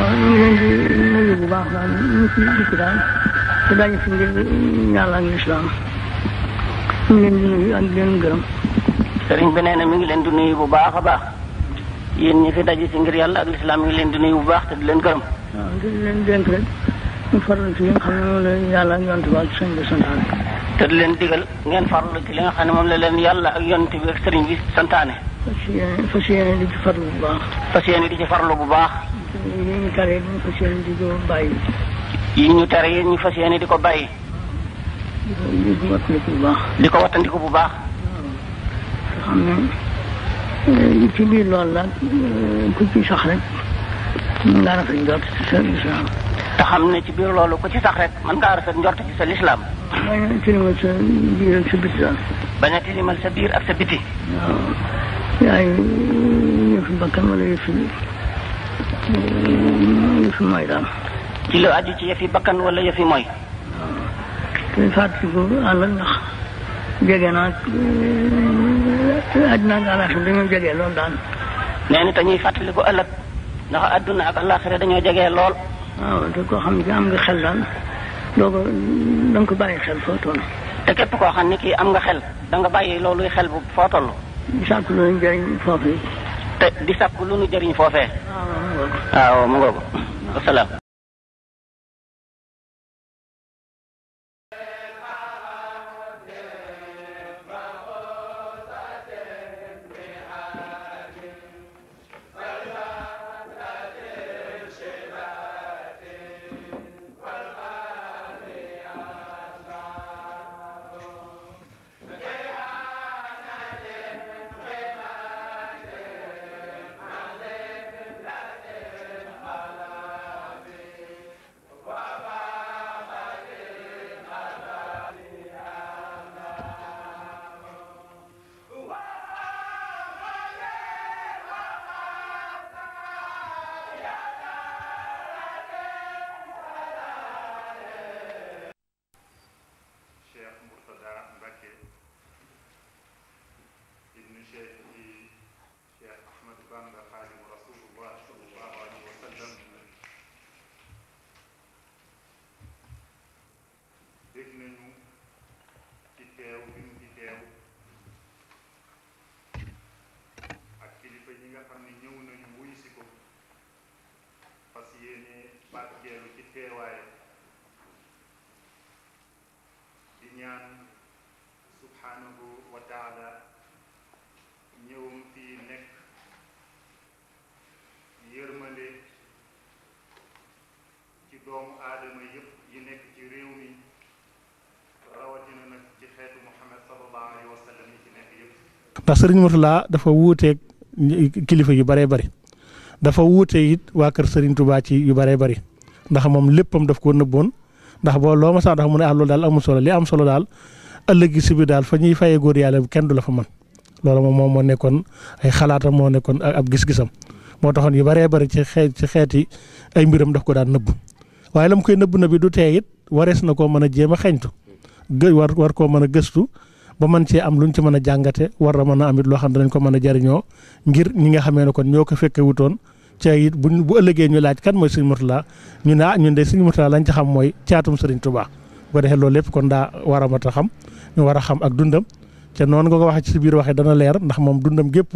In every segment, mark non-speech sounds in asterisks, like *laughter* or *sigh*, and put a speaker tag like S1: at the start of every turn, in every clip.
S1: waaw ñu ngi nuyu bu baax daal ñu ci
S2: dikk daal te daañu fi ngir yàlla di nuyu ak leen gërëm. sëriñ bi nee na mi ngi leen di nuyu bu baax a baax yéen ñi fi daje si ngir yàlla ak lislaam mi ngi leen di nuyu bu baax te di leen gërëm. waaw di leen dénk rek ñu farlu ci li nga xam ne moom la yàlla ak te leen digal ngeen farlu ci nga xam ne moom la leen yàlla ak yonent bi ak sëriñ bi santaane. fas yéene fas yéene di ci farlu bu baax. fas bu baax. yi ñu tere yi ñu fas yéene di ko bàyyi. yi ñu tere yi ñu fas yéene di ko bàyyi. di ko wattandiku bu baax. di ko wattandiku bu baax. xam ne ci biir loolu la ku ci sax rek mën ngaa rafet njort ci sa lislaam. te xam ne ci biir loolu ku ci sax rek mën ngaa rafet njort ci sa lislaam. bañ a tilimal sa biir ak sa biti daal. bañ a tilimal sa biir ak sa yëfi mooy daal. ci lu aju ci yëfi bakkan wala yëfi mooy. te fàttali ko ànd ak ndax jege naa àdduna ak àllaaxira dañoo jege lool daal. nee na te ñuy fàttali ko ëllëg ndax àdduna ak àllaaxira dañoo jege lool. waaw te koo xam ne am nga xel daal doo ko da nga ko bàyyi xel foo toll. te képp koo xam ne kii am nga xel da nga bàyyi looluy xel bu foo toll. di sàkk lu nu jëriñ foofee. te di sàkk lu nu jëriñ foofee. waaw waaw ah, mu ngoog wasalaam
S3: teewaay di ñaan subhanahu wa taala ñëwum fii nekk yërmande ci doomu aadama yépp yi nekk ci réew mi rawatina
S4: nag ci xeetu Muhammad sallallahu alayhi wa sallam yi ci nekk yépp ndax sëriñ dafa wuuteeg kilifa yu baree bari dafa wuute waa kër sëriñ Touba ci yu baree bari ndax moom léppam daf ko nëbboon ndax boo loo ma sax ndax mu ne ah loolu daal solo li am solo daal ëllëg si bi daal fa ñuy fayee góor yàlla kenn du la fa man loolu moom moom moo nekkoon ay xalaatam moo nekkoon ab gis-gisam moo taxoon yu baree bari ci xeet ci xeet yi ay mbiram daf ko daan nëbbu waaye la mu koy nëbb na bi du tee it warees na koo mën a jéem a xeñtu gë war war koo mën a gëstu ba mën cee am lu ñu ci mën a jàngate war a mën a amit loo xam ne dañ ko mën a jariñoo ngir ñi nga xamee ne kon ñoo ko fekke wutoon ca it buñ bu ëllëgee ñu laaj kan mooy sëñ laa ñu ne ah ñun de sëñ Mourtala lañ ca xam mooy caatum sëriñ Touba bu ko defee loolu lépp kon daa war a a xam ñu war a xam ak dundam te noonu nga ko waxee ci biir waxee dana leer ndax moom dundam gépp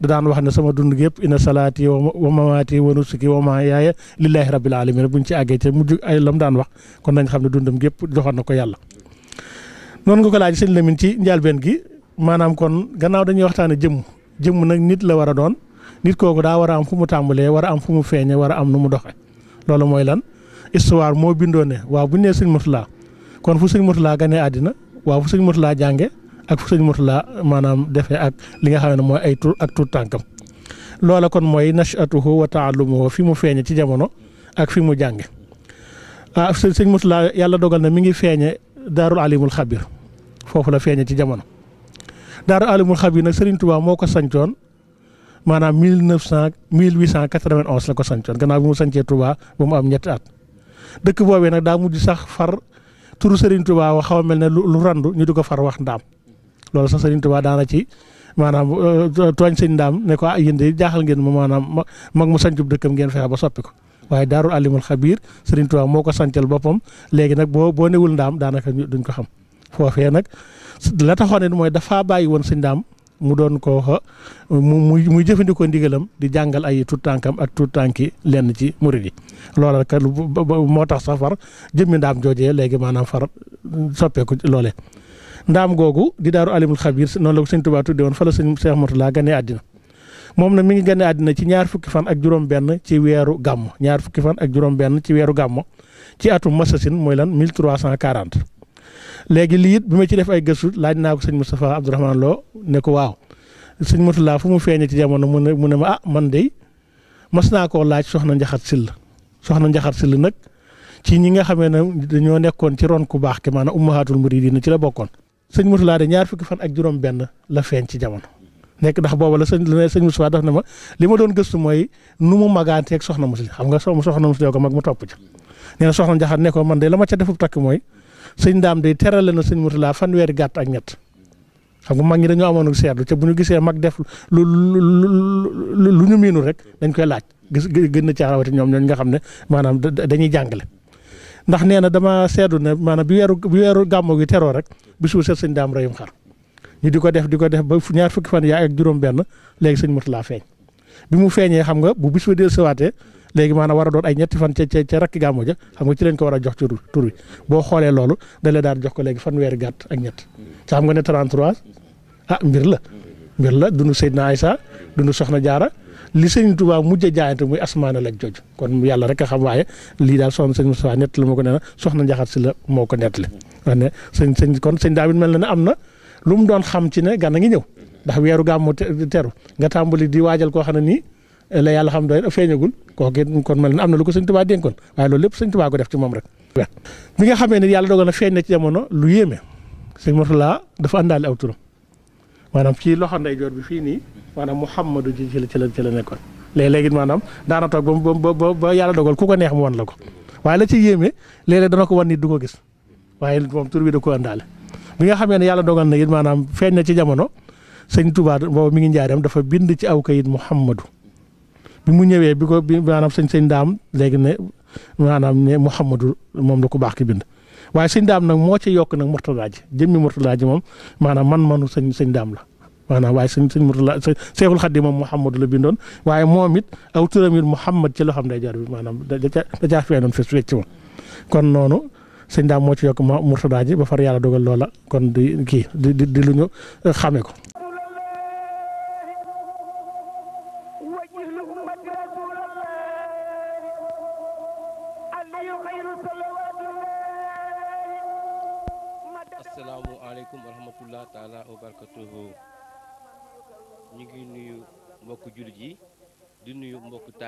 S4: da daan wax ne sama dund gépp inna salaati wa mamaati wa nusuki wa mahyaaya lillahi rabbil alamin ñu ci àggee te mujj ay lam daan wax kon nañ xam ne dundam gépp joxoon na ko yàlla noonu nga ko laaj sëñ Lamine ci njëlbeen gi maanaam kon gannaaw dañuy waxtaane jëmm jëmm nag nit la war a doon nit kooku daa war a am fu mu tàmbalee war am fu mu feeñe war a am nu mu doxe loolu mooy lan histoire moo bindoo ne waaw bu ñu nee sëñ Mourtala kon fu sëñ Mourtala ganee àddina waaw fu sëñ Mourtala jànge ak fu sëñ Mourtala maanaam defee ak li nga xam ne mooy ay tur ak tur tànkam loola kon mooy nachatuhu wa taallumuhu fi mu feeñe ci jamono ak fi mu jànge ah sëñ Mourtala yàlla dogal na mi ngi feeñe daarul alimul xabir foofu la feeñe ci jamono daarul alimul xabir nag Sëriñ Tuubaa moo ko sancoon maanaam mille neuf cent mille huit cent quatre-vingt-onze la ko sancoon gannaaw bi mu sancee Touba ba mu am ñetti at dëkk boobee nag daa mujj sax far turu Serigne Touba wax xaw mel ne lu randu ñu di ko far wax ndaam loolu sax Serigne Touba daana ci maanaam euh, euh, tooñ sëñ ndaam ne ko ah, yéen de jaaxal ngeen ma maanaam mag mu sancub dëkkam ngeen fexe ba soppi ko waaye daarul alimul xabiir Serigne Touba moo ko sancal boppam léegi nag boo boo newul ndaam daanaka duñ ko xam foofee nag la taxoon ne mooy dafa bàyyi woon sëñ ndaam mu doon ko mu muy muy jëfandikoo ndigalam di jàngal ay tuut tànkam ak tuut tànki lenn ci murid yi loola kat moo tax sax far jëmmi ndaam joojee léegi maanaam far soppeeku loolee. ndaam googu di daaru alimul xabir noonu la ko sëñ Tuubaa tudde woon fa la sëñ Cheikh Mourtala ganee àddina moom na mi ngi ganee àddina ci ñaar fukki fan ak juróom-benn ci weeru gàmm ñaar fukki fan ak juróom-benn ci weeru gàmmo ci atum masasin mooy lan 1340. léegi lii it bi ma ci def ay gëstu laaj naa ko sëñ Moustapha Abdourahmane loo ne ko waaw sëñ Moutalla fu mu feeñee ci jamono mu ne mu ne ma ah man de mas naa koo laaj soxna Njaxat Sill soxna Njaxat Sill nag ci ñi nga xamee ne dañoo nekkoon ci ron ku baax ke maanaam ummahatul muridina ci la bokkoon. sëñ Moutalla de ñaar fukki fan ak juróom-benn la feeñ ci jamono nekk ndax booba la sëñ la sëñ Moustapha daf ne ma li ma doon gëstu mooy nu mu magaanteeg soxna Mousli xam nga soxna Mousli ko mag mu topp ci nee na soxna Njaxat ne ko man de la ma ca defub takk mooy sëñ daam day terale na sëñ fan weeri gàtt ak ñett xam nga mag ñi dañoo amoon seetlu ca bu ñu gisee mag def lu lu ñu miinul rek dañ koy laaj gis gën na caa rawati ñoom ñooñu nga xam ne maanaam dañuy jàngale. ndax nee na dama seetlu ne maanaam bi weeru bi weeru gàmmu gi teroo rek bi suba seet sëñ daam reyum xar ñu di ko def di ko def ba ñaar fukki fan yaay ak juróom-benn léegi sëñ laa feeñ bi mu feeñee xam nga bu bis ba léegi maanaam war a doon ay ñetti fan ca ca ca rakk gàmmu ja xam nga ci leen ko war a jox ci tur bi boo xoolee loolu da leen daan jox ko léegi weeri gàtt ak ñett ca xam nga ne 33 ah mbir la mbir la dunu Seydina Aïssa dunu Soxna Jaara li seen Tuubaa mujj a jaayante muy asmaanal ak jooju kon yàlla rek a xam waaye lii daal soxna sëñ Moussa nettali moo ko nee na soxna njaxat si la moo ko nettali wax sëñ sëñ kon sëñ Daawit mel na am na lu mu doon xam ci ne gànna ngi ñëw ndax weeru gàmmu teru nga tàmbali di waajal koo xam ne nii la yàlla xam doy feeñagul kooku it kon ma na am na lu ko sëñ Tuubaa dénkoon waaye loolu lépp sëñ Tuubaa ko def ci moom rek. bi nga xamee ne yàlla dogal na na ci jamono lu yéeme sëñ Murtala dafa àndaale aw turam maanaam ci loxo ndeyjoor bi fii nii maanaam Muhammadu ji ci la ci la ci la nekkoon léeg-léegi maanaam daana toog ba ba ba yàlla dogal ku ko neex mu wan la ko waaye la ci yéeme léeg-léeg dana ko wan nit du ko gis waaye moom tur bi da ko nga xamee ne yàlla dogal na it maanaam feeñ na ci jamono sëñ Tuubaa boobu mi ngi njaaram dafa bind ci aw kayit Muhammadu bi mu ñëwee bi ko bi maanaam sëñ sëñ daam léegi ne maanaam ne Mouhamadou moom la ko baax ki bind waaye sëñ daam nag moo ci yokk nag Mourtada ji jëmmi Mourtada ji moom maanaam man manu sëñ sëñ daam la. maanaam waaye sëñ sëñ Mourtada Seexul Xadiim moom Mouhamadou la bindoon waaye moom it aw turam it Mouhamad ci loo xam day jar bi maanaam da da caa feeñoon fes wecc ma kon noonu. sëñ daam moo ci yokk ma Mourtada ji ba far yàlla dogal loola kon di kii di di lu ñu xamee ko.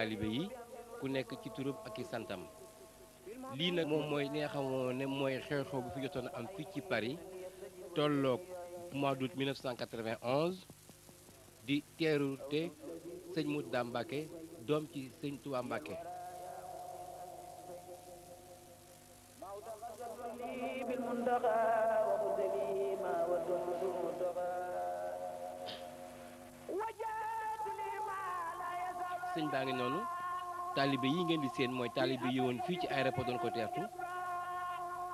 S5: taalibe yi ku nekk ci turam ak i santam lii nag moom mooy li ne mooy xew-xew bu fi jotoon am fii ci Paris tolloog mois d'août 1991 di teerute sëñ Mountakha Mbacké doom ci sëñ Touba Mbacké sëñ baa ngi noonu taalibe yi ngeen di seen mooy taalibe yi fii ci aéroport doon ko teertu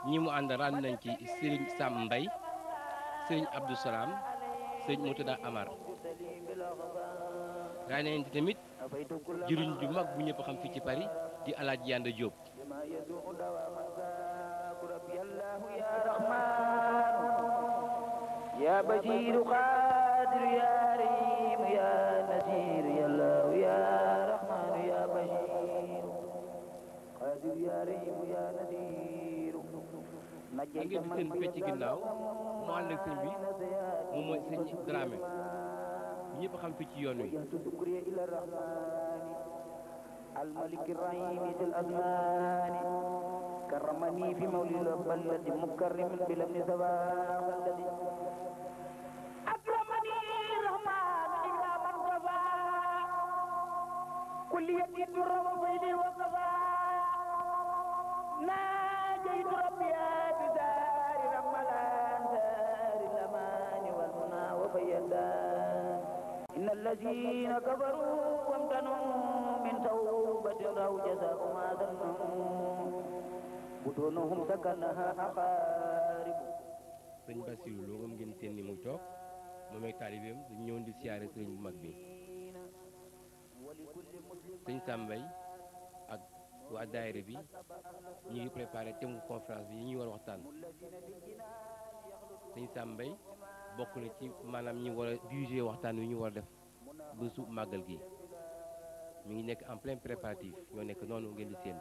S5: ñi mu ànd ràññ nañ ci Serigne Sam Mbaye Serigne Abdou Salam Serigne Moutada Amar nañ tamit jëriñ ju mag bu ñëpp fii ci Paris di Alaaji Yanda Diop
S6: ya
S2: yaa rahiimu yaa nadiiru
S5: najjayta man ngeen seen ci ginnaaw mu ànd ak sëñ bi a mooy sëñ Dramé ñëpp xam fi ci yoon wi
S2: الملك الرحيم ذي الأزمان كرمني في مولد a مكرم بلبن زوال الذي
S1: أكرمني الرحمن إلا من كفى كل يدي الرب وقفى ناجيت ربيا بزار رملان زار الأمان
S2: والمنى وفيدان إن الذين كفروا وامتنوا من توبة روا جزاء ما ذنوا بدونهم سكنها أقارب
S5: sëñ Bassirou loo nga ngeen seen ni muy toog moom ak taalibeem dañu ñëwoon di siyaare sëriñ bu mag bi sëñ Sam Mbaye waa daayira bi ñu ngi préparé thème conférence bi yi ñuy war a waxtaan sëñ Sam bokk na ci maanaam ñi war a jugé waxtaan wi ñu war a def ba màggal gi mu ngi nekk en plein préparatif ñoo nekk noonu ngeen seen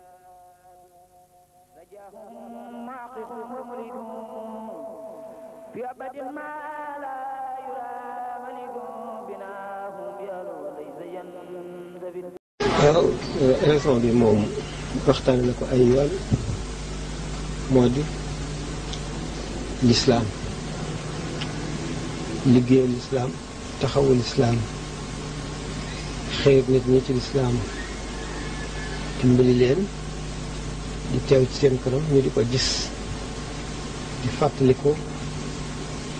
S6: waaw euh, moom waxtaan na ko ay yoon moo di lislaam liggéeyal lislaam taxawu lislaam xëy nit ñi ci lislaam dimbali leen di teew ci seen kanam ñu di ko gis di fàttaliku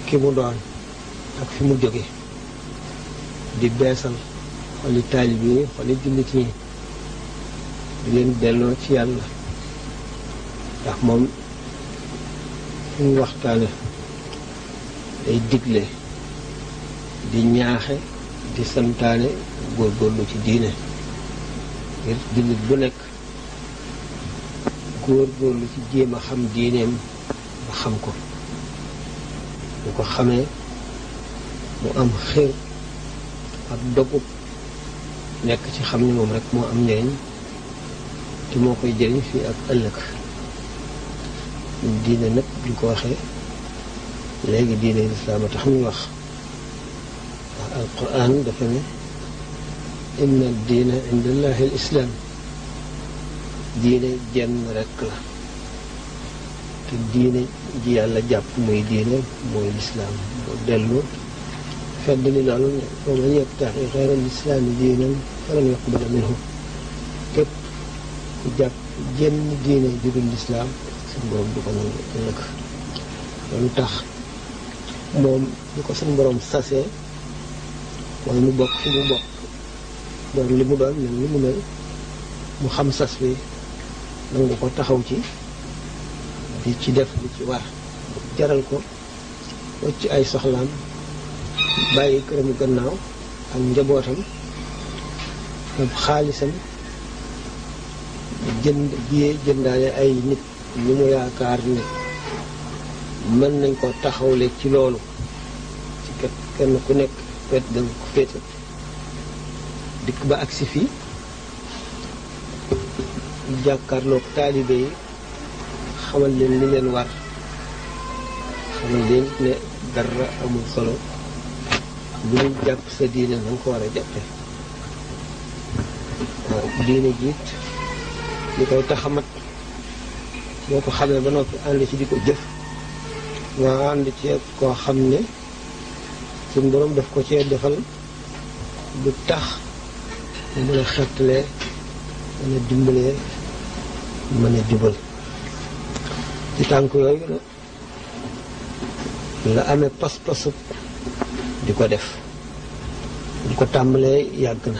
S6: ki mu doon ak fi mu jóge di beesal xoli taalib yi xoli jullit yi di leen delloo ci yàlla ndax moom fu mu waxtaane day digle di ñaaxe di santaane góorgóorlu ci diine ngir jullit bu nekk lu ci jéem a xam diineem ba xam ko bu ko xamee mu am xér ak dogub nekk ci xam ne moom rek moo am njëriñ te moo koy jëriñ fii ak ëllëg diina nag di ko waxee léegi diine lislaam a tax wax ndax alquran dafa ne inna diina inda allahi al la te diine ji yàlla jàpp muy diine mooy lislaam moo dellu fedd li loolu ne wa man yabtaxi xeyra lislaami diinan falan yuqbala minhu ku jàpp jenn diine ju lislaam suñu borom du ko nangu ëllëg tax moom di ko suñu borom sase wala mu bokk fi mu bokk doon li mu doon mel li mu mel mu xam sas wi nangu ko taxaw ci di ci def li ci war jaral ko wacc ay soxlaam bàyyi këramu gannaaw ak njabootam ak xaalisam jënd biyee jëndaale ay nit ñu mu yaakaar ne mën nañ koo taxawle ci loolu ci kat kenn ku nekk fet danga dikk ba agsi fii jàkkaarloog taalibe yi xamal leen li leen war xamal leen ne dara amul solo bu ñu jàpp sa diine na nga ko war a jàppe diine jiit li koy taxamat boo ko ne ba noppi ànd ci di ko jëf nga ànd ci koo xam ne su borom daf ko cee defal du tax mu mën a xettalee mën a dimbalee mën a jubal ci tànk yooyu nag la amee pas-pasu di ko def di ko tàmbalee yàgg na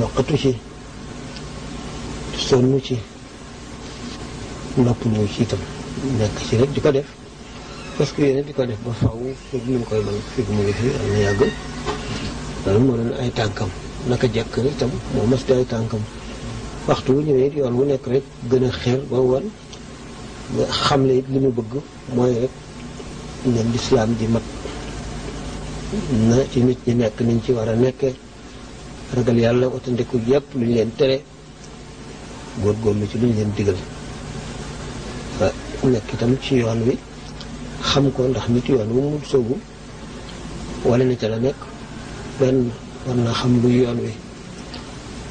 S6: yokkatu ci sonn ci nopp ñëw ci itam nekk ci rek di ko def parce que yéen di ko def ba faw fi mu koy mën fi mu ngi fi am yàgg loolu moo doon ay tànkam naka jekk itam moo mas di ay tànkam waxtu wu ñëwee yoon wu nekk rek gën a xeer ba wan nga xamle it li mu bëgg mooy rek ne lislaam di mat na ci nit ñi nekk niñ ci war a nekkee ragal yàlla watandiku yépp lu ñu leen tere góorgóorlu ci lu ñu leen digal nekk itam ci yoon wi xam ko ndax nit yoon wu mu soobu wala ni ca la nekk benn war na xam lu yoon wi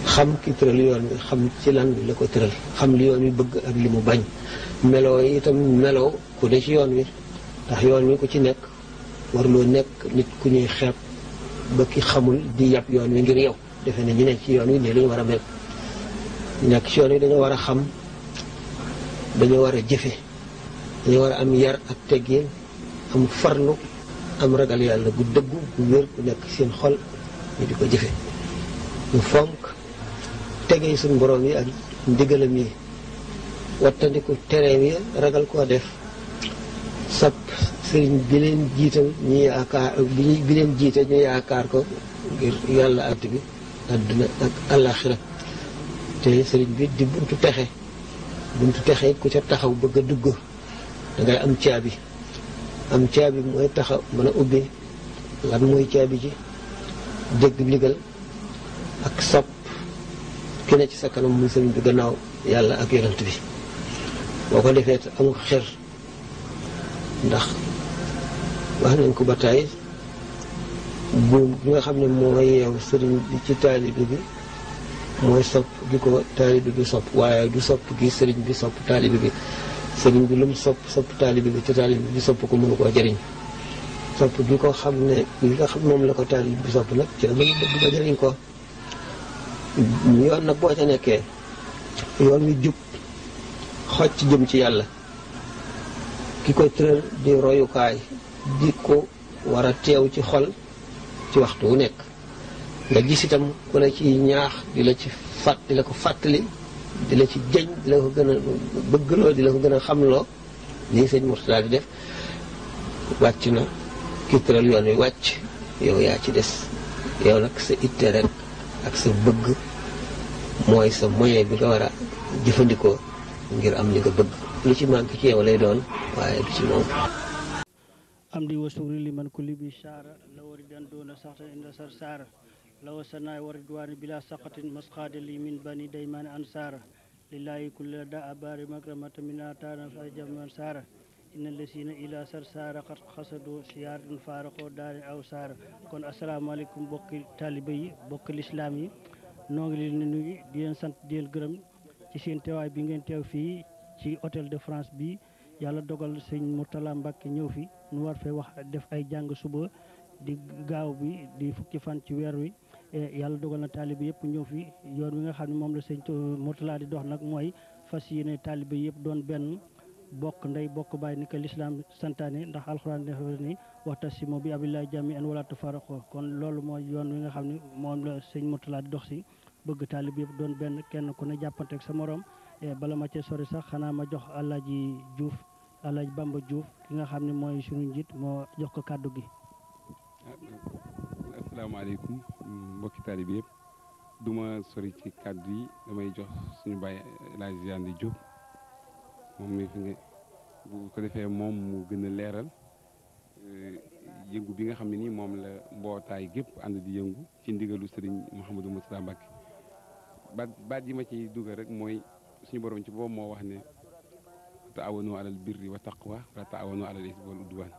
S6: xam ki tëral yoon wi xam ci lan la ko tëral xam li yoon wi bëgg ak li mu bañ meloo yi itam meloo ku ne ci yoon wi ndax yoon wi ko ci nekk war loo nekk nit ku ñuy xeeb ba ki xamul di yàpp yoon wi ngir yow defe ne ñu ci yoon wi ne lañu war a mel nekk ci yi dañoo war a xam dañoo war a jëfe dañoo war a am yar ak teggin am farlu am ragal yàlla gu dëggu gu wér gu nekk seen xol ñu di ko jëfe ñu fonk tege suñ boroom yi ak ndigalam yi wattandiku tereem yi ragal koo def sab sëriñ bi leen jiital ñu yaakaar bi leen jiital ñu yaakaar ko ngir yàlla àtt bi àdduna ak àllaaxira te sëriñ bi di buntu texe buntu texe ku ca taxaw bëgg a dugg dangay am caabi am caabi mooy taxaw man a ubbi lan mooy caabi ji dégg ndigal ak sab ki ne ci sa mu muy sëriñ bi gannaaw yàlla ak yonent bi boo ko defee te amul xer ndax wax nañ ko ba tey buum bi nga xam ne moo yeew sëriñ bi ci taalibe bi mooy sopp gi ko taalibe bi sopp waaye du sopp gi sëriñ bi sopp taalibe bi sëriñ bi lu mu sopp sopp taalibe bi te taalibe bi sopp ko mënu koo jariñ sopp gi ko xam ne moom la ko taalibe bi sopp nag ci la mën du ko jëriñ ko yoon nag boo ca nekkee yoon wi jub xoj ci jëm ci yàlla ki koy tëral di royukaay di ko war a teew ci xol ci waxtu wu nekk nga gis itam ku la ci ñaax di la ci fàtt di la ko fàttali di la ci jëñ di la ko gën a bëggloo di la ko gën a xamloo lii sëñ Murtada di def wàcc na ki tëral yoon wi wàcc yow yaa ci des yow nag sa itte rek ak sa bëgg mooy sa moyen bi nga war a jëfandikoo ngir am ni nga bëgg lu ci manque ci yow lay doon waaye du
S7: ci moom am di wasuuri li man kulli bi saara la wari dan doona saxta inda sar saara law sanaa wa ridwaani bila saqatin masqaada li min bani daymaan ansaara lillahi kulla da abaari makramata min ataana fa jaman saara inna lesina ila sar saara xat xasado siyaardan faaraqoo daari aw saara kon asalaamaaleykum bokki taalibe yi bokki lislaam yi noo ngi leen nuyu di sant di gërëm ci seen teewaay bi ngeen teew fii ci hôtel de France bi yàlla dogal sëñ Mourtala Mbacke ñëw fi nu war fee wax def ay jàng suba di gaaw bi di fukki fan ci weer wi Eh, yàlla dogal na taalibe yëpp ñëw fi yoon wi nga xam ne moom la sëñ Mourtala di dox nag mooy fas yéene taalibe yëpp doon benn bokk ndey bokk bàyyi ni ko lislaam santaane ndax alxuraan def ni wa'tasimu bi hablillahi jamii'an wa laa tafarraqu kon loolu mooy yoon wi nga xam ne moom la sëñ Mourtala di dox si bëgg taalibe yëpp doon benn kenn ku ne jàppanteeg sa moroom eh, bala ma cee sori sax xanaa ma jox Alaaji juuf Alaaji Bamba Diouf ki nga xam ni mooy suñu njiit moo jox ko kàddu gi
S8: asalaamaaleykum mm, mbokki taalibe yëpp du ma sori ci kàddu yi damay jox suñu bàyyi laaj Yande Diop moom mi moom mu gën a leeral eh, yëngu bi nga xam ne nii moom la mbootaay gépp ànd di yëngu ci ndigalu Serigne Mouhamadou Moustapha Mbacké baat baat yi ma ci dugal rek mooy suñu boroom ci boobu moo wax ne taawanu alal birri wa taqwa wa taawanu alal ismi wal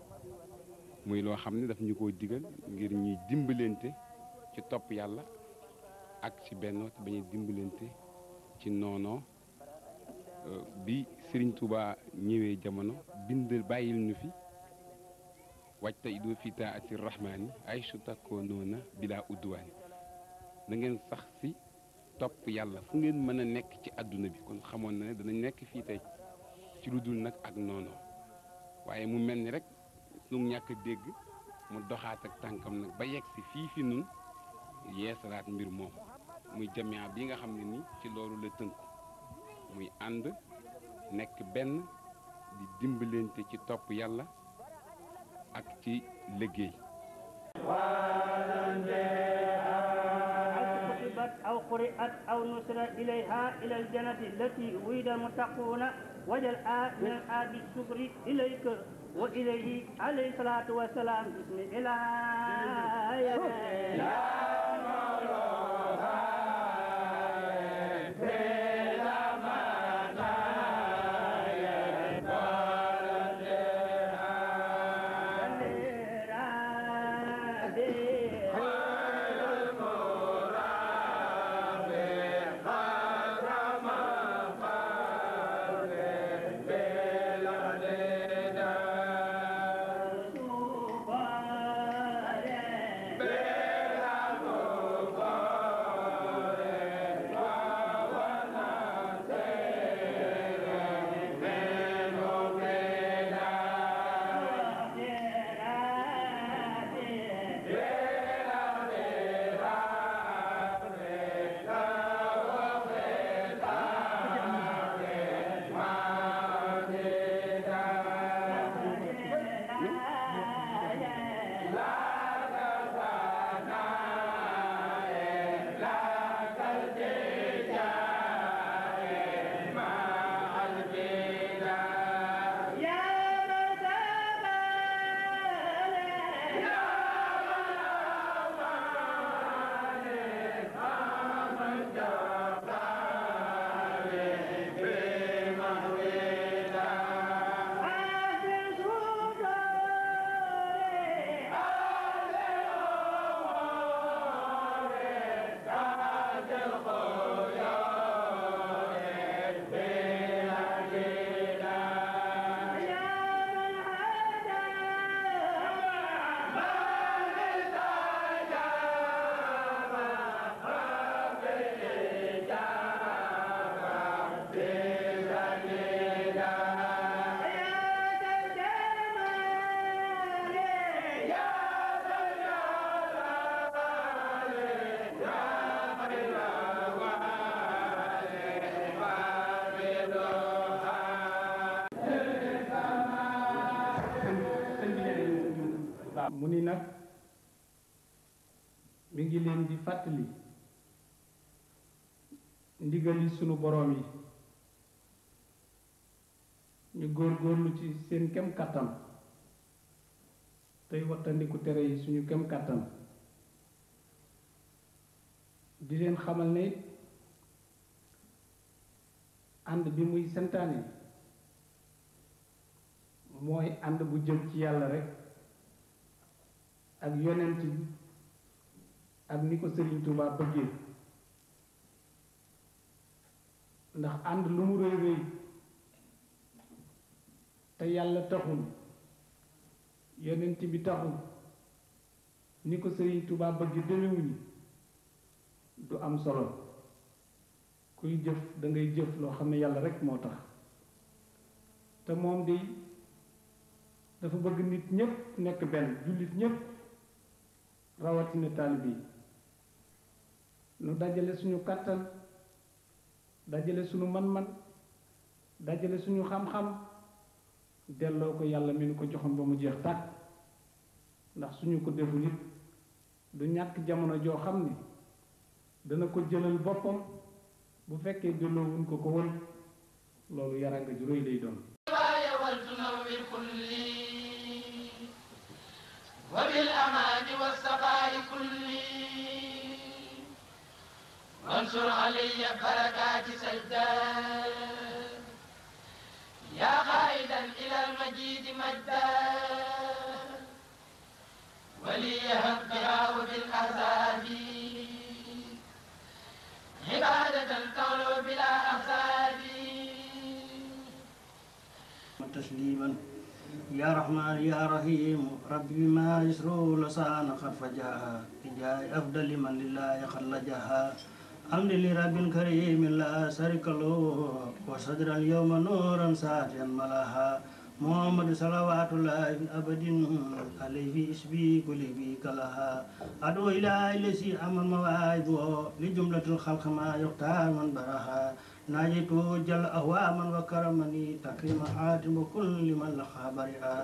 S8: muy loo xam ne daf ñu koo digal ngir ñuy dimbalante ci topp yàlla ak ci benn te bañ a dimbalante ci noonoo euh, bi Serigne Touba ñëwee jamono bindal bàyyil ñu fi wàjta idoo fi taati rahmaani ay su takkoo noona bilaa udduwaani na ngeen sax si topp yàlla fu ngeen mën a nekk ci àdduna bi kon xamoon na ne dana nekk fii tey ci lu dul nag ak noonoo waaye mu mel ni rek lu ñàkk dégg mu doxaat ak tànkam nag ba yeg si fii fi nun yeesalaat mbir moom muy jamia bi nga xam ne ni ci loolu la tënku muy ànd nekk benn di dimbalante ci topp yàlla ak ci liggéey
S7: أو قرئت أو نسر إليها إلى الجنة التي وعد المتقون وجل من الآب الشكر إليك وإليه عليه الصلاة والسلام بسم
S1: الله يا مولانا
S9: sunu boroom yi ñu góorgóorlu ci seen kem kàttan tey wattandiku tere yi suñu kem kàttan di leen xamal ne ànd bi muy santaane mooy ànd bu jëm ci yàlla rek ak yonent ak ni ko Sëriñ Tuubaa bëggee ndax ànd lu mu rëy rëy te yàlla taxul yonent bi taxul ni ko sëriñ Tuubaa bëgg demewuñu du am solo kuy jëf dangay ngay jëf loo xam ne yàlla rek moo tax te moom di dafa bëgg nit ñépp nekk benn jullit ñépp rawatina taalibe bi lu dajale suñu kàttan dajale suñu man-man dajale suñu xam-xam delloo ko yàlla mi ko joxoon ba mu jeex tàkk ndax suñu ko deful it du ñàkk jamono joo xam ni dana ko jëlal boppam bu fekkee delloowuñ ko ko woon loolu yaranga ju rëy lay doon
S1: وبالأمان والصفاء كلي وانشر علي بركات سجدان يا قائدا إلى المجيد مجدا
S2: وليها
S1: القراء بالأحزاب عبادة تعلو بلا أحزاب
S7: تسليما يا رحمن يا رحيم ربي بما يسروا لسان قد فجاها بجاه أفضل من لله خلجها الحمد لرب الكريم لا شريك له وصدر اليوم نورا ساجا ملاها محمد صلوات الله أبد عليه اسبي قلبي كلها أدعو إلى الذي أمن مواعظ لجملة الخلق ما يختار من براها ناجيت جل أهواما وكرمني تكريم حاتم كل من لقى برئا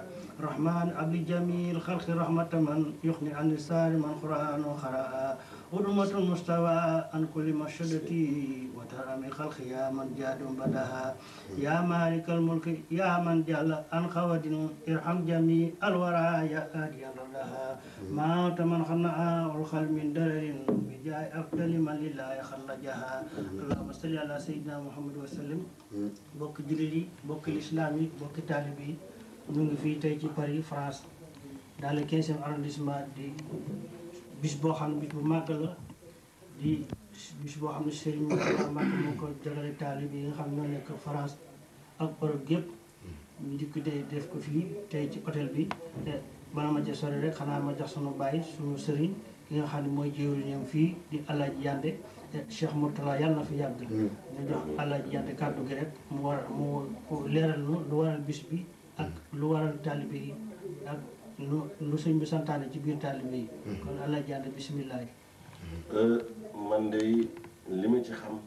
S7: رحمن أبي جميل خلق رحمة من يخني عن السار من قرآن وخراء حرمة المستوى عن كل مشدتي وترم الخلق يا من جاد بدها يا مالك الملك يا من جل عن خواد ارحم جميع الورى يا آدي لها ما تمن خنعا والخل من درر بجاي أفضل من لله خلجها اللهم صل على سيدنا محمد وسلم بوك جليلي بوك الإسلامي بوك طالبي ñu ngi fii tey ci Paris France dans le 15e arrondissement di bis boo xam ne bis bu màgg la di bis boo xam ne Serigne Mountakha Mbacké moo ko jagale taalibe yi nga xam ne ñoo nekk France ak Europe yëpp ñu de def ko fii tey ci hôtel bi te bala ma ca sori rek xanaa ma jox sunu bàyyi sunu sëriñ ki nga xam ne mooy jëwriñam fii di Alaaji Yande Cheikh Mourtala yàlla na fi yàgg ñu mm. jox Alaaji Yande kàddu gi rek mu war mu leeral lu waral bis bi ak lu waral taalibe yi ak lu lu sëñ bi santaane ci biir taalibe yi hmm. kon allah jàll bismillah
S4: hmm. euh, man de li ci xam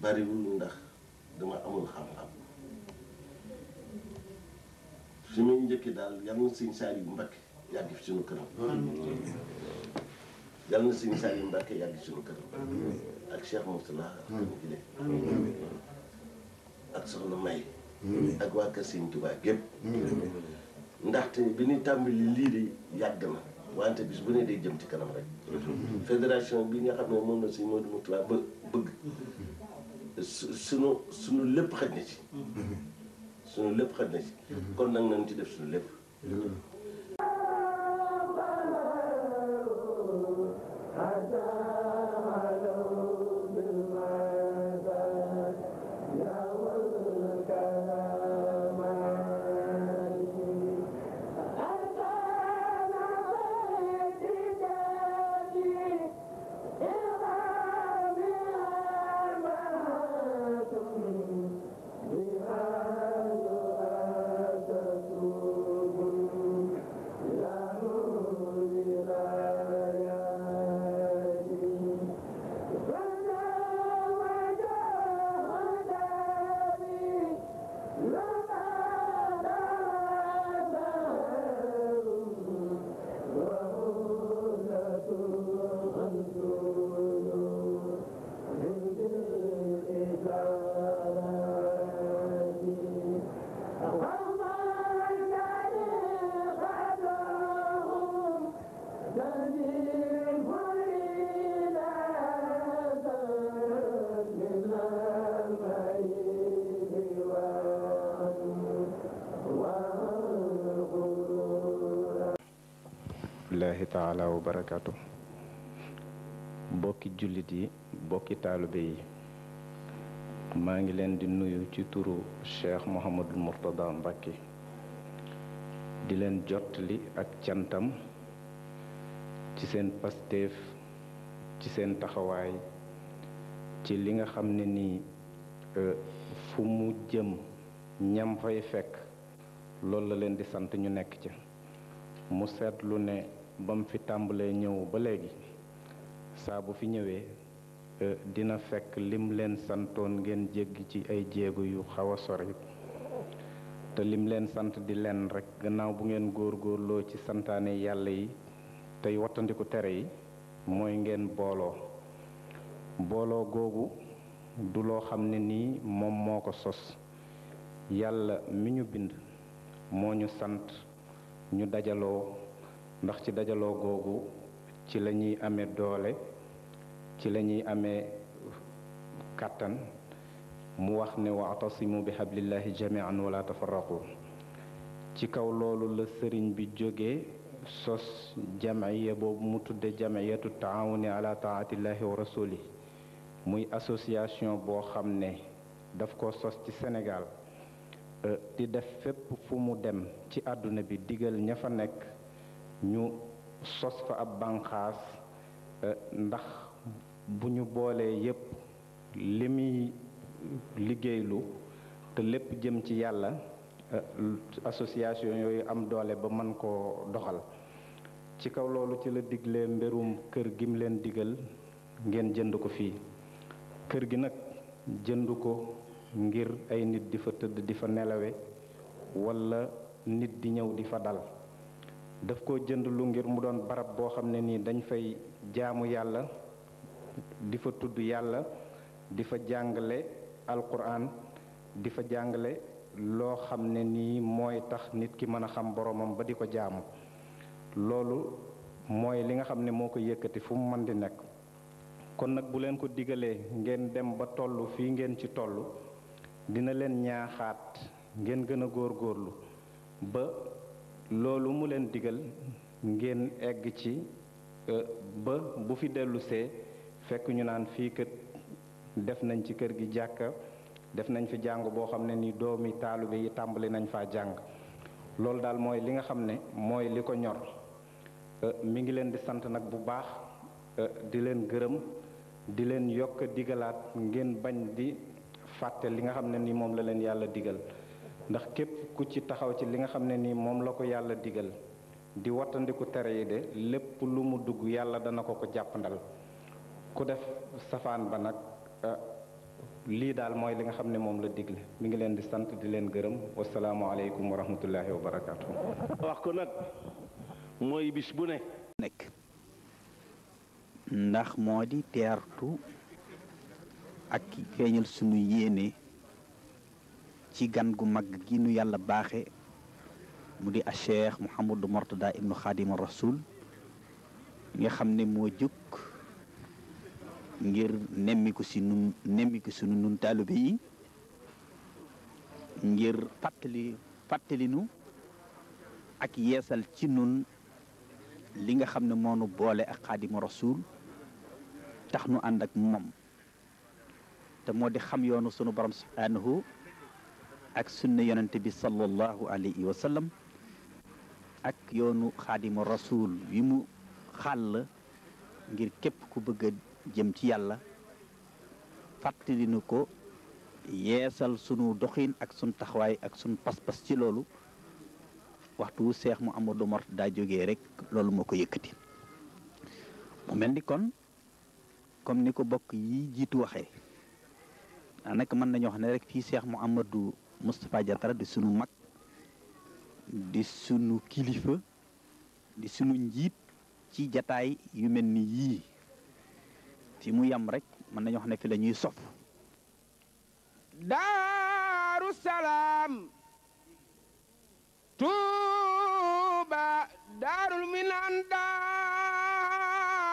S4: bariwul ndax dama amul xam-xam fi may njëkki daal yal na sëñ Saliou Mbacké yàgg fi suñu këram yal na sëñ Saliou yàgg fi suñu ak Cheikh May ak waa kër sëñ Tuubaa gépp ndaxte bi ñuy tàmbili lii de yàgg na wante bis bu ne day jëm ci kanam rek. fédération bi nga xam ne moom na si moo Moutala ba bëgg. su sunu sunu lépp xaj na ci. Mm-hmm. sunu lépp xaj na ci. Mm-hmm. kon nag nañ ci def sunu lépp. Mm-hmm.
S10: rahmatullahi taala bokki jullit yi bokki taalibe yi maa ngi leen di nuyu ci turu cheikh mohamadul murtada mbàkki di leen jottali ak cantam ci seen pasteef ci seen taxawaay ci li nga xam ne nii e, fu mu jëm ñam fay fekk loolu la leen di sant ñu nekk ca mu seetlu ne ba mu fi tàmbalee ñëw ba léegi saa bu fi ñëwee euh, dina fekk lim leen santoon ngeen jéggi ci ay jéego yu xaw a sori te lim leen sant di leen rekk gannaaw bu ngeen góorgóorloo ci santaane yàlla yi tey wattandiku tere yi mooy ngeen booloo booloo googu du loo xam ne nii moom moo ko sos yàlla mi ñu bind moo ñu sant ñu dajaloo ndax ci dajaloo googu ci la ñuy amee doole ci la ñuy amee kàttan mu wax ne waatasimu bi hablillahi jamian wala tafarraqu ci kaw loolu la sëriñ bi jóge sos jamiya boobu mu tudde jamiyatu taawuni ala taatillahi wa rasuli muy association boo xam ne daf ko sos ci senegal euh, di def fépp fu mu dem ci àdduna bi digal ña fa nekk ñu sos fa ab bànqaas eh, ndax bu ñu boolee yépp li muy liggéeylu te lépp jëm ci yàlla eh, association yooyu am doole ba mën koo doxal ci kaw loolu ci la digle mbirum kër gi mu leen digal ngeen jënd ko fii kër gi nag jënd ko ngir ay nit di fa tëdd di fa nelawe walla nit di ñëw di fa dal daf koo jënd lu ngir mu doon barab boo xam ne nii dañ fay jaamu yàlla di fa tudd yàlla di fa jàngale alquran di fa jàngale loo xam ne nii mooy tax nit ki mën a xam boroomam ba di ko jaamu loolu mooy li nga xam ne moo ko yëkkati fu mu mën di nekk kon nag bu leen ko digalee ngeen dem ba toll fii ngeen ci tollu dina leen ñaaxaat ngeen gën a góorgóorlu ba loolu mu leen digal ngeen egg ci euh, ba bu fi dellusee fekk ñu naan fii kët def nañ ci kër gi jàkka def nañ fi jàng boo xam ne nii doomi taalibe yi tàmbali nañ faa jàng loolu daal mooy li nga xam ne mooy li ko ñor euh, mi ngi leen di sant nag bu baax euh, di leen gërëm di leen yokk digalaat ngeen bañ di fàtte li nga xam ne nii moom la leen yàlla digal ndax képp ku ci taxaw ci li nga xam ne nii moom la ko yàlla digal di wattandiku tere yi de lépp lu mu dugg yàlla dana ko ko jàppandal ku def safaan ba nag ah, lii daal mooy li nga xam ne moom la digle mi ngi leen di sant di leen gërëm wasalaamualeykum wa rahmatullahi wa barakaatu.
S4: wax ko nag mooy bis bu ne.
S11: nekk ndax moo di teertu ak feeñal sunu yéene. ci gan gu mag gi nu yàlla baaxe mu di mu cheikh du mortada ibnu xaadima rasoul nga xam ne moo jóg ngir nemmiku si nun nemmiku si nun taalibe yi ngir fàttali fàttalinu ak yeesal ci nun li nga xam ne moonu boole ak xaadima rasul tax nu ànd ak moom te moo di xam yoonu sunu borom subhaanahu ak sunna yonente bi sallallahu alayhi wa sallam ak yoonu xaadimu rasul yi mu xàll ngir képp ku bëgg a jëm ci yàlla fàttali nu ko yeesal sunu doxin ak sun taxawaay ak sun pas-pas ci loolu waxtu wu seex mu Amadou Mor daa jóge rek loolu moo ko yëkkati mu mel ni kon comme ni ko bokk yi jiitu waxe daanaka mën nañu wax ne rek fii seex mu Amadou Moustapha Diatara di sunu mag di sunu kilifa di sunu njiit ci jataay yu mel ni yii fi mu yam rekk mën nañu wax ne fi la ñuy sof
S8: daaru salaam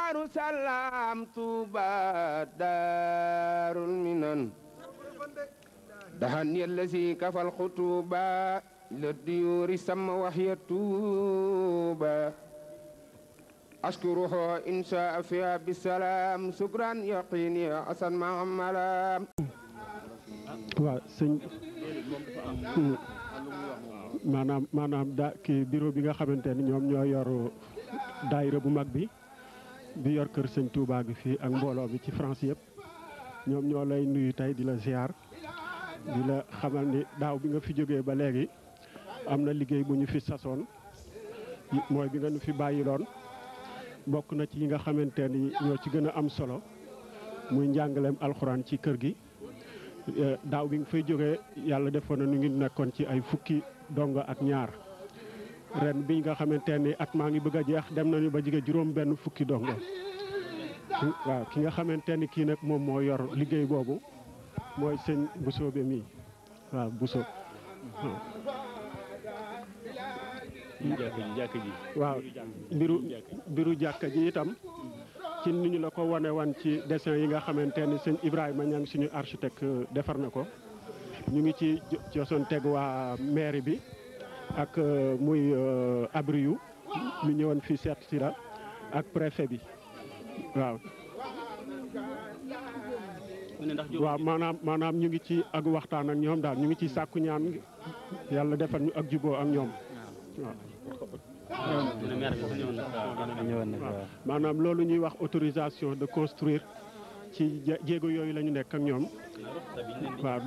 S10: daarul salaam دهني الذي كفى الخطوبة للديور سم وهي التوبة أشكره إن شاء فيها بالسلام شكرا يقيني أسن مع ملام
S3: waaw sëñ maanaam maanaam da kii bureau bi nga xamante ni ñoom ñoo yor daayira bu mag bi bi yor kër sëñ Touba bi fii ak mbooloo bi ci France yëpp ñoom ñoo lay nuyu tey di la ziar di la xamal ni daaw bi nga fi jógee ba léegi am na liggéey bu ñu fi sasoon mooy bi nga nu fi bàyyiloon bokk na ci yi nga xamante ni ñoo ci gën a am solo muy njàngaleem alxuraan ci kër gi eh, daaw bi nga fay jóge yàlla defoon na nu ngi nekkoon ci ay fukki dong ak ñaar ren bi nga xamante ni at maa ngi bëgg a jeex dem nañu ba jige juróom benn fukki dongo waaw ki nga xamante ni kii nag moom moo yor liggéey boobu mooy sëñ Bousso be mii waaw Bousso waaw. jàkka ji jàkka ji itam ci ni ñu la ko wane wan ci dessin yi nga xamante ni sëñ Ibrahima Niang suñu architecte euh, defar na ko ñu ngi ci josoon teg waa mairie bi ak euh, muy euh, abri yu ñu ñëwoon fii seet si la ak préfet bi waaw waaw maanaam maanaam ñu ngi ci ak waxtaan ak ñoom daal ñu ngi ci sàkku ñaan yàlla defal ñu ak juboo ak ñoom maanaam loolu ñuy wax autorisation de construire ci jéego yooyu lañu nekk ak ñoom waaw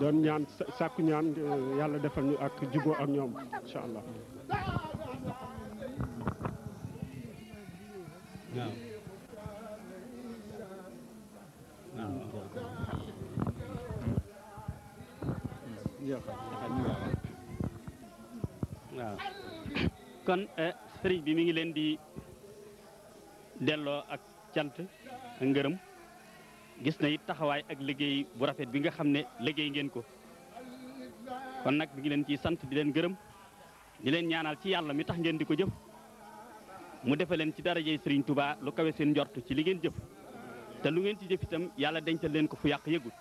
S3: doon ñaan sàkku ñaan yàlla defal ñu ak juboo ak ñoom incha allah
S12: waaw kon eh, sëriñ bi mi ngi leen di delloo ak cant ak ngërëm gis na it taxawaay ak liggéey bu rafet bi nga xam ne liggéey ngeen ko kon nag mi ngi leen ciy sant di leen gërëm di leen ñaanal ci yàlla mi tax ngeen di ko jëf mu defe leen ci darajey sëriñ Touba lu kawe seen njort ci li ngeen jëf te lu ngeen ci jëf itam yàlla dencal leen ko fu yàq yëgut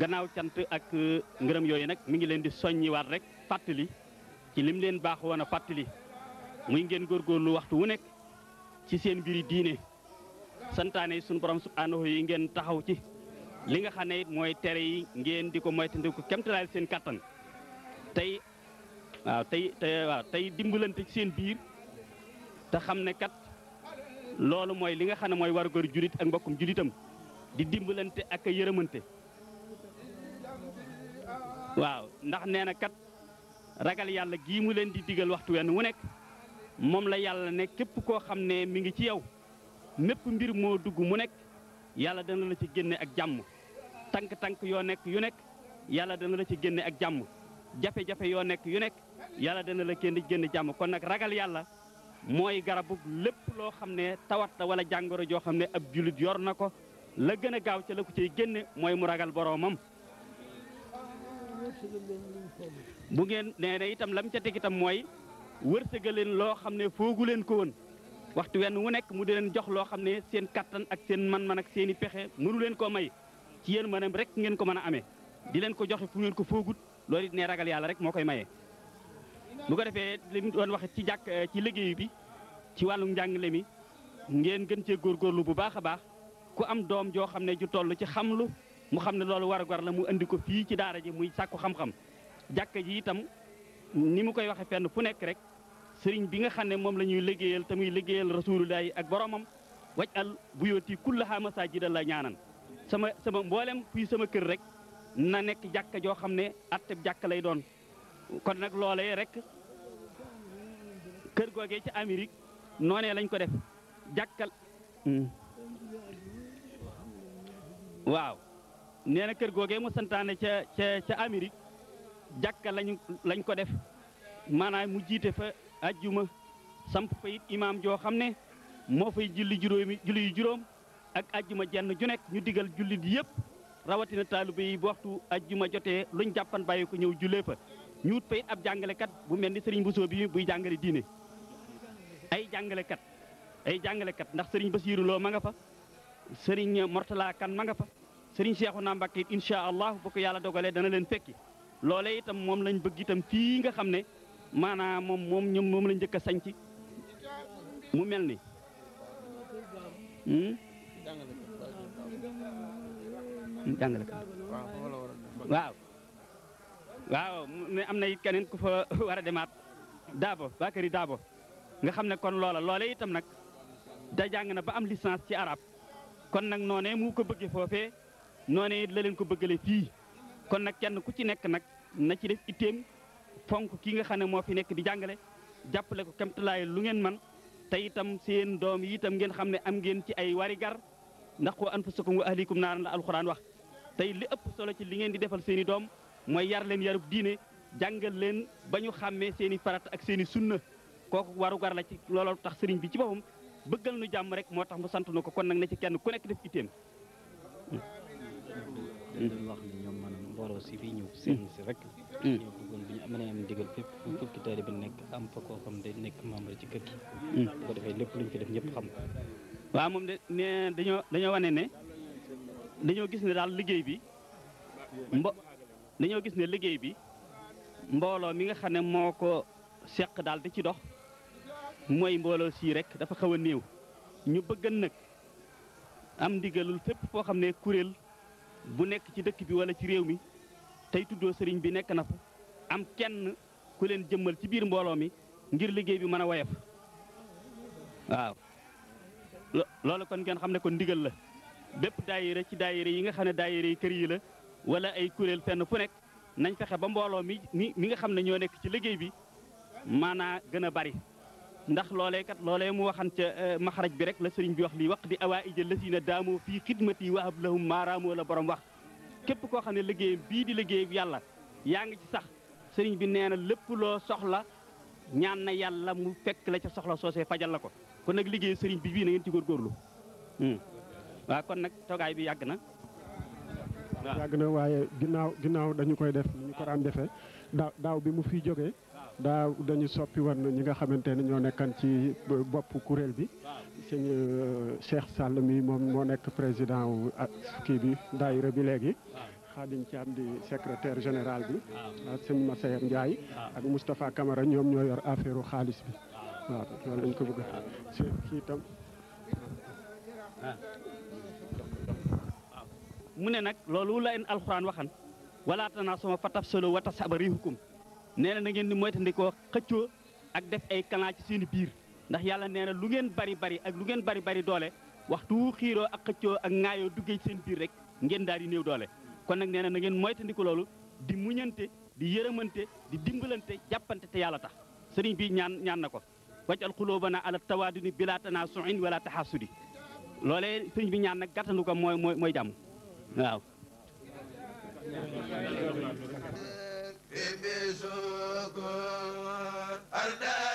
S12: gannaaw cant ak euh, ngërëm yooyu nag mi ngi leen di soññiwaat rek fàttali ci lim leen baax woon a fàttali muy ngeen góorgóorlu waxtu wu nekk ci seen mbiri diine yi suñu borom subhaanahu yi ngeen taxaw ci li nga xam ne it mooy tere yi ngeen di ko moytandiku kemtalaal seen kàttan tey waaw tey tey waaw tey dimbalante ci seen biir te xam ne kat loolu mooy li nga xam ne mooy war góor julit ak mbokkum julitam di dimbalante ak a yërëmante waaw ndax nee na kat ragal yàlla gii mu leen di digal waxtu wenn wu nekk moom la yàlla ne képp koo xam ne mi ngi ci yow népp mbir moo dugg mu nekk yàlla dana la ci génne ak jàmm tànk-tànk yoo nekk yu nekk yàlla dana la ci génne ak jàmm jafe-jafe yoo nekk yu nekk yàlla dana la kenn génn jàmm kon nag ragal yàlla mooy garabu lépp loo xam ne tawat la wala jàngoro joo xam ne ab julit yor na ko la gën a gaaw ca la ko ciy génne mooy mu ragal boroomam bu ngeen nee na itam lam ca teg itam mooy wërsëgaleen loo xam ne foogu leen ko woon waxtu wenn wu nekk mu di leen jox loo xam ne seen kattan ak seen man-man ak seen i pexe mënu leen koo may ci yéen mënam rekk ngeen ko mën a amee di leen ko joxe fu ngeen ko foogut loolu it ne ragal yàlla rek moo koy maye. bu ko defee li mu doon wax ci jàkk eh, ci liggéey bi ci wàllum njàngale mi ngeen gën cee góor góorlu bu baax a baax ku am doom joo xam ne ju toll ci xamlu mu xam ne loolu war gor la mu indi ko fii ci daara ji muy sàkku xam-xam jàkka ji itam ni mu koy waxe fenn fu nekk rek sëriñ bi nga xam ne moom la ñuy liggéeyal te muy liggéeyal rasulullah yi ak boromam waj al bu yooti kullaha masajida la ñaanan sama sama mboolem fii sama kër rek na nekk jàkka joo xam ne at jàkka lay doon kon nag loolee rek kër googee ci Amérique noonee lañ ko def jàkkal hmm. waaw nee na kër googee mu santaane ca ca ca Amérique jàkka lañu lañ ko def maanaam mu jiite fa ajjuma samp fa it imaam joo xam ne moo fay julli juróomi julli juróom ak ajjuma jenn ju nekk ñu digal jullit yëpp rawatina taalibe yi bu waxtu ajjuma jotee luñ jàppan bàyyi ko ñëw jullee fa ñu wut fa it ab jàngalekat bu mel ni sëriñ Bousso bi buy jàngale diine ay jàngalekat ay jàngalekat ndax sëriñ Basiiru Lo ma nga fa sëriñ Mortala Kan ma nga fa sëriñ Cheikhouna Mbacké it incha allah bu ko yàlla dogalee dana leen fekki loole itam moom lañ bëgg itam fii nga xam ne maanaam moom moom ñoom moom lañ jëkk a mu mel ni hmm? Hmm, jàngalekat waaw waaw mais am na it keneen ku fa *laughs* war a demaat daabo Bakary daabo nga xam ne kon loola loola itam nag da jàng na ba am licence ci arab kon nag noonee mu ko bëggee foofee noonee la leen ko bëggale fii kon nag kenn ku ci nekk nag na ci def itteem fonk kii nga xam ne moo fi nekk di jàngale jàppale ko kemtalaay lu ngeen man te itam seen doom yi itam ngeen xam ne am ngeen ci ay warigar ndax ko anfusakum wa ahlikum naaran la alxuraan wax tey li ëpp solo ci li ngeen di defal seeni doom mooy yar leen yarub diine jàngal leen ba ñu xàmmee seen i farat ak seeni i sunna kooku warugar la ci looloo tax sëriñ bi ci boppam bëggal nu jàmm rek moo tax mu sant na ko kon nag na ci kenn ku nekk def itteem dañ doon wax ne ñoom maanaam mbooloo si fii ñëw seen si rek mm. ñoo bëggoon bi ñu mënee am ndigal fépp fukki taalibe bi nekk am fa koo xam day nekk membre a kër gi bu mm. ko defee lépp luñ fi def ñëpp xam ko waa moom de ne dañoo dañoo wane ne dañoo gis ne daal liggéey bi mbo gis ne liggéey bi mbooloo mi nga xam ne moo ko seq daal di ci dox mooy mbooloo sii rek dafa xaw a néew ñu bëgg nag am ndigalul fépp foo xam ne kuréel bu nekk ci dëkk bi wala ci réew mi tey tuddoo sëriñ bi nekk na fa am kenn ku leen jëmmal ci biir mbooloo mi ngir liggéey bi mën a woyof waaw loolu kon ngeen xam ne kon ndigal la bépp daayira ci daayira yi nga xam ne daayira yi kër yi la wala ay kuréel fenn fu nekk nañ fexe ba mbooloo mi mi mi nga xam ne ñoo nekk ci liggéey bi maanaa gën a bari ndax loolee kat loolee mu waxan ca euh, maxaraj bi rek la sëriñ bi wax lii waq di awaa ija lasina daamoo fii xidmati wa hab lahum maaraamoo la borom wax képp koo xam ne liggéeyam bii di liggéeyam yàlla yaa ngi ci sax sëriñ bi nee lépp loo soxla ñaan na yàlla mu fekk la ca soxla soosee fajal la ko kon nag liggéey sëriñ bi bii na ngeen ci góorgóorlu hmm. waaw kon nag toogaay bi yàgg na
S3: yàgg na waaye ginnaaw ginnaaw dañu koy def ñu ko daan defee daaw daaw dañu soppi wan ñi nga xamante ne ñoo nekkaan ci bopp kuréel bi sëñ euh, Cheikh sàll mi moom moo nekk président wu ah, kii bi daayira bi léegi Khadim Thiam di secrétaire général bi ak sëñ Massayer Ndiaye ak Moustapha Camara ñoom ñoo yor affaire xaalis bi waaw loolu ko bëgg si kii
S12: mu ne nag loolu la en alxuraan waxan wala tanaa sama fataf solo wa tas aba nee na na ngeen di moytandikoo xëccoo ak def ay kalan ci seen biir ndax yàlla nee na lu ngeen bari bari ak lu ngeen bari bari doole waxtu xiiroo ak xëccoo ak ŋaayoo duggee ci seen biir rek ngeen daal di néew doole kon nag nee na ngeen moytandiku loolu di muñante di yërëmante di dimbalante jàppante te yàlla tax sëriñ bi ñaan ñaan na ko wajal xulóobana ala tawaaduni bila tanasuin wala taxasudi loolee sëriñ bi ñaan nag gàttandu ko mooy mooy mooy jàmm waaw
S1: bi sukur arda